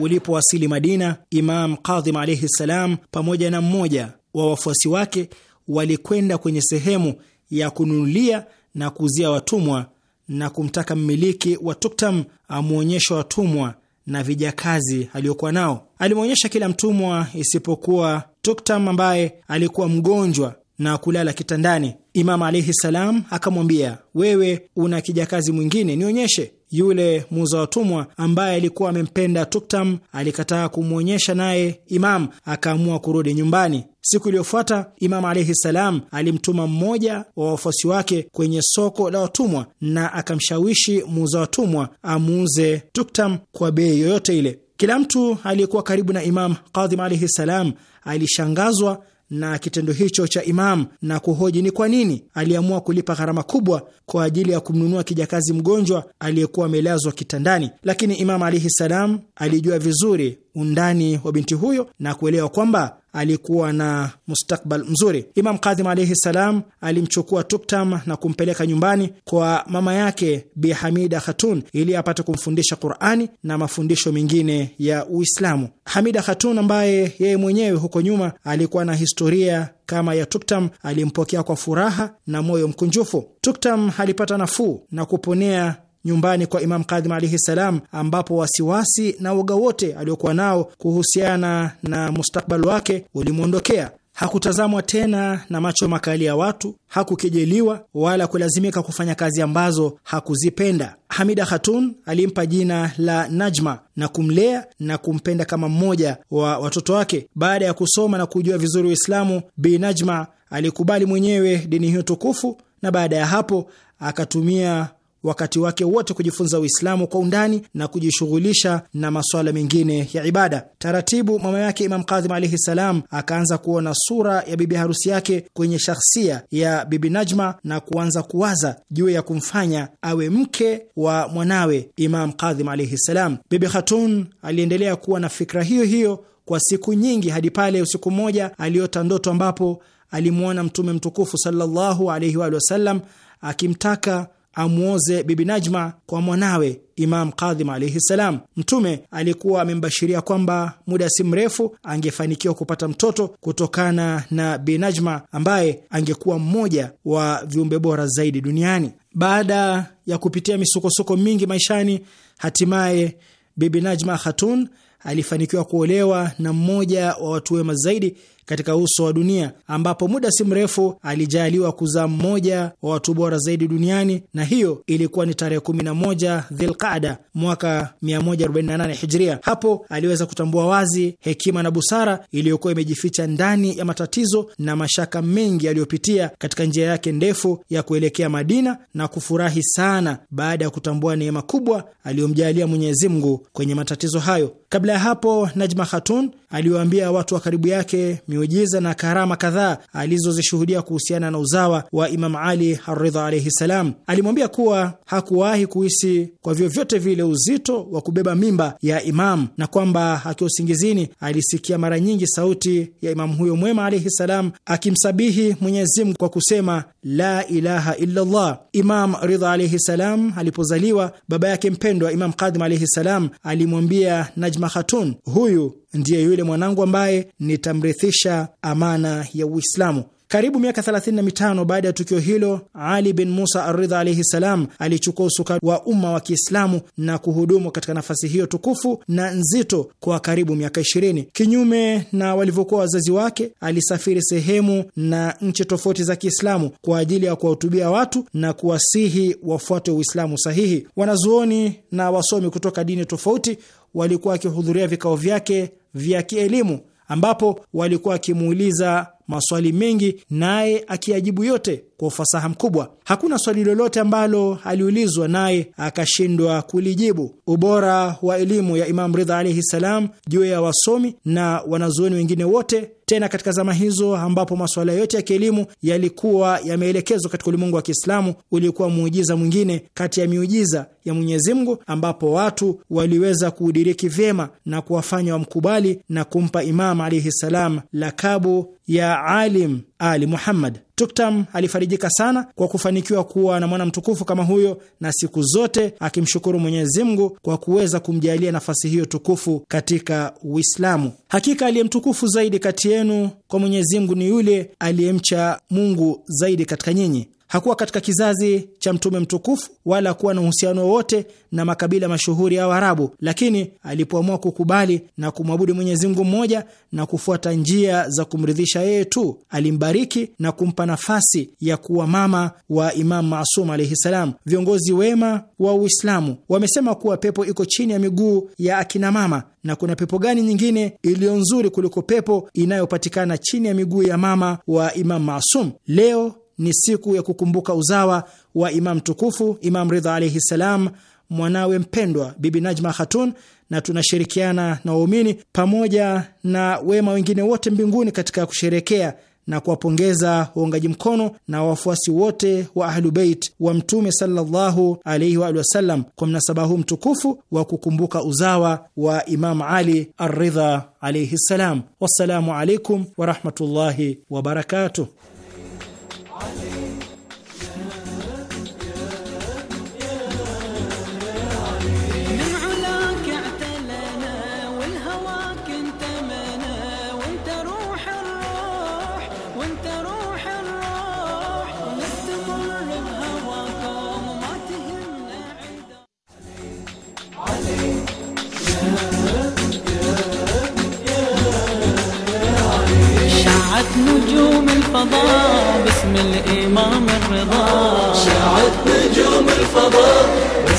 ulipowasili Madina, Imam Kadhim alaihi ssalam pamoja na mmoja wa wafuasi wake walikwenda kwenye sehemu ya kununulia na kuuzia watumwa na kumtaka mmiliki wa Tuktam amwonyeshe watumwa na vijakazi aliyokuwa nao. Alimwonyesha kila mtumwa isipokuwa Tuktam ambaye alikuwa mgonjwa na kulala kitandani. Imamu alaihi salam akamwambia, wewe una kijakazi mwingine? Nionyeshe. Yule muuza watumwa ambaye alikuwa amempenda Tuktam alikataa kumwonyesha, naye Imam akaamua kurudi nyumbani. Siku iliyofuata imamu alaihi salam alimtuma mmoja wa wafuasi wake kwenye soko la watumwa na akamshawishi muuza watumwa amuuze Tuktam kwa bei yoyote ile. Kila mtu aliyekuwa karibu na Imam Kadhim alaihi salam alishangazwa na kitendo hicho cha Imam na kuhoji ni kwa nini aliamua kulipa gharama kubwa kwa ajili ya kumnunua kijakazi mgonjwa aliyekuwa amelazwa kitandani. Lakini Imam alaihi salam alijua vizuri undani wa binti huyo na kuelewa kwamba alikuwa na mustakbal mzuri. Imam Kadhim alaihi salam alimchukua Tuktam na kumpeleka nyumbani kwa mama yake Bi Hamida Khatun ili apate kumfundisha Qurani na mafundisho mengine ya Uislamu. Hamida Khatun, ambaye yeye mwenyewe huko nyuma alikuwa na historia kama ya Tuktam, alimpokea kwa furaha na moyo mkunjufu. Tuktam alipata nafuu na kuponea nyumbani kwa Imam Kadhim alaihi salam, ambapo wasiwasi na woga wote aliokuwa nao kuhusiana na mustakbal wake ulimwondokea. Hakutazamwa tena na macho makali ya watu, hakukejeliwa wala kulazimika kufanya kazi ambazo hakuzipenda. Hamida Khatun alimpa jina la Najma na kumlea na kumpenda kama mmoja wa watoto wake. Baada ya kusoma na kujua vizuri Uislamu, Bi Najma alikubali mwenyewe dini hiyo tukufu, na baada ya hapo akatumia wakati wake wote kujifunza Uislamu kwa undani na kujishughulisha na masuala mengine ya ibada. Taratibu mama yake Imam Kadhim alaihi salam akaanza kuona sura ya bibi harusi yake kwenye shakhsia ya bibi Najma na kuanza kuwaza juu ya kumfanya awe mke wa mwanawe Imam Kadhim alaihi salam. Bibi Khatun aliendelea kuwa na fikra hiyo hiyo kwa siku nyingi hadi pale usiku mmoja aliota ndoto ambapo alimwona Mtume mtukufu sallallahu alaihi wa sallam akimtaka amwoze Bibi Najma kwa mwanawe Imam Kadhim alaihi ssalam. Mtume alikuwa amembashiria kwamba muda si mrefu angefanikiwa kupata mtoto kutokana na Bi Najma ambaye angekuwa mmoja wa viumbe bora zaidi duniani. Baada ya kupitia misukosuko mingi maishani, hatimaye Bibi Najma Khatun alifanikiwa kuolewa na mmoja wa watu wema zaidi katika uso wa dunia, ambapo muda si mrefu alijaliwa kuzaa mmoja wa watu bora zaidi duniani, na hiyo ilikuwa ni tarehe 11 Dhilqada mwaka 148 Hijria. Hapo aliweza kutambua wazi hekima na busara iliyokuwa imejificha ndani ya matatizo na mashaka mengi aliyopitia katika njia yake ndefu ya kuelekea Madina, na kufurahi sana baada ya kutambua neema kubwa aliyomjalia Mwenyezi Mungu kwenye matatizo hayo. Kabla ya hapo, Najma Khatun aliwaambia watu wa karibu yake miujiza na karama kadhaa alizozishuhudia kuhusiana na uzawa wa Imam Ali Aridha alaihi salam. Alimwambia kuwa hakuwahi kuhisi kwa vyovyote vile uzito wa kubeba mimba ya imamu na kwamba akiwa usingizini alisikia mara nyingi sauti ya Imamu huyo mwema alaihi salam akimsabihi Mwenyezi Mungu kwa kusema la ilaha illallah. Imam Ridha alaihi salam alipozaliwa, baba yake mpendwa Imam Kadhim alaihi salam alimwambia Najma Fatma Khatun, huyu ndiye yule mwanangu ambaye nitamrithisha amana ya Uislamu. Karibu miaka 35 baada ya tukio hilo, Ali bin Musa Aridha alaihi salam alichukua usukani wa umma wa Kiislamu na kuhudumu katika nafasi hiyo tukufu na nzito kwa karibu miaka 20. Kinyume na walivyokuwa wazazi wake, alisafiri sehemu na nchi tofauti za Kiislamu kwa ajili ya kuwahutubia watu na kuwasihi wafuate Uislamu sahihi. Wanazuoni na wasomi kutoka dini tofauti walikuwa wakihudhuria vikao vyake vya kielimu ambapo walikuwa wakimuuliza maswali mengi, naye akiyajibu yote kwa ufasaha mkubwa. Hakuna swali lolote ambalo aliulizwa naye akashindwa kulijibu. Ubora wa elimu ya Imam Ridha alaihi salam juu ya wasomi na wanazuoni wengine wote, tena katika zama hizo ambapo masuala yote ya kielimu yalikuwa yameelekezwa katika ulimwengu wa Kiislamu, ulikuwa muujiza mwingine kati ya miujiza ya Mwenyezi Mungu, ambapo watu waliweza kuudiriki vyema na kuwafanya wamkubali na kumpa Imam alaihi ssalam lakabu ya Alim Ali Muhammad. Tuktam alifarijika sana kwa kufanikiwa kuwa na mwana mtukufu kama huyo, na siku zote akimshukuru Mwenyezi Mungu kwa kuweza kumjalia nafasi hiyo tukufu katika Uislamu. Hakika aliyemtukufu zaidi kati yenu kwa Mwenyezi Mungu ni yule aliyemcha Mungu zaidi katika nyinyi, Hakuwa katika kizazi cha mtume mtukufu wala kuwa na uhusiano wowote na makabila mashuhuri ya Waarabu, lakini alipoamua kukubali na kumwabudu Mwenyezi Mungu mmoja na kufuata njia za kumridhisha yeye tu, alimbariki na kumpa nafasi ya kuwa mama wa Imamu Masum alaihi salam. Viongozi wema wa Uislamu wamesema kuwa pepo iko chini ya miguu ya akina mama, na kuna pepo gani nyingine iliyo nzuri kuliko pepo inayopatikana chini ya miguu ya mama wa Imamu Masum? Leo ni siku ya kukumbuka uzawa wa Imam tukufu Imam Ridha alaihi ssalam, mwanawe mpendwa Bibi Najma Khatun, na tunashirikiana na waumini pamoja na wema wengine wote mbinguni katika kusherekea na kuwapongeza waungaji mkono na wafuasi wote wa Ahlubeit wa Mtume sallallahu alaihi waalihi wasallam kwa mnasaba huu mtukufu wa kukumbuka uzawa wa Imamu Ali Arridha alaihi ssalam. Wassalamu alaikum warahmatullahi wabarakatuh.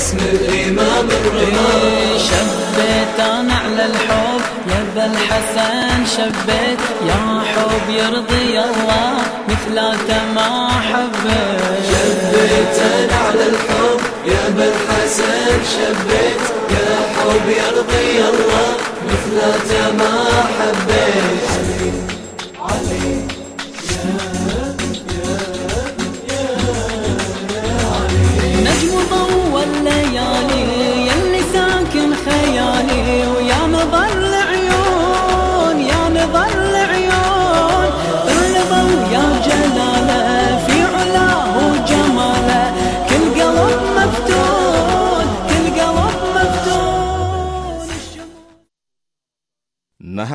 اسم الإمام الرضا شبيت أنا على الحب يا بل حسن شبيت يا حب يرضي الله مثل ما حبيت شبيت أنا على الحب يا بل حسن شبيت يا حب يرضي الله مثل ما حبيت